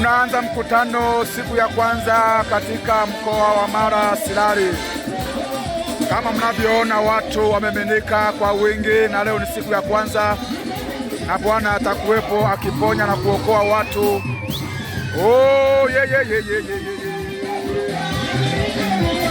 Tunaanza mkutano siku ya kwanza katika mkoa wa Mara Silari. Kama mnavyoona watu wameminika kwa wingi, na leo ni siku ya kwanza, na Bwana atakuwepo akiponya na kuokoa watu. Oh, yeah, yeah, yeah, yeah, yeah.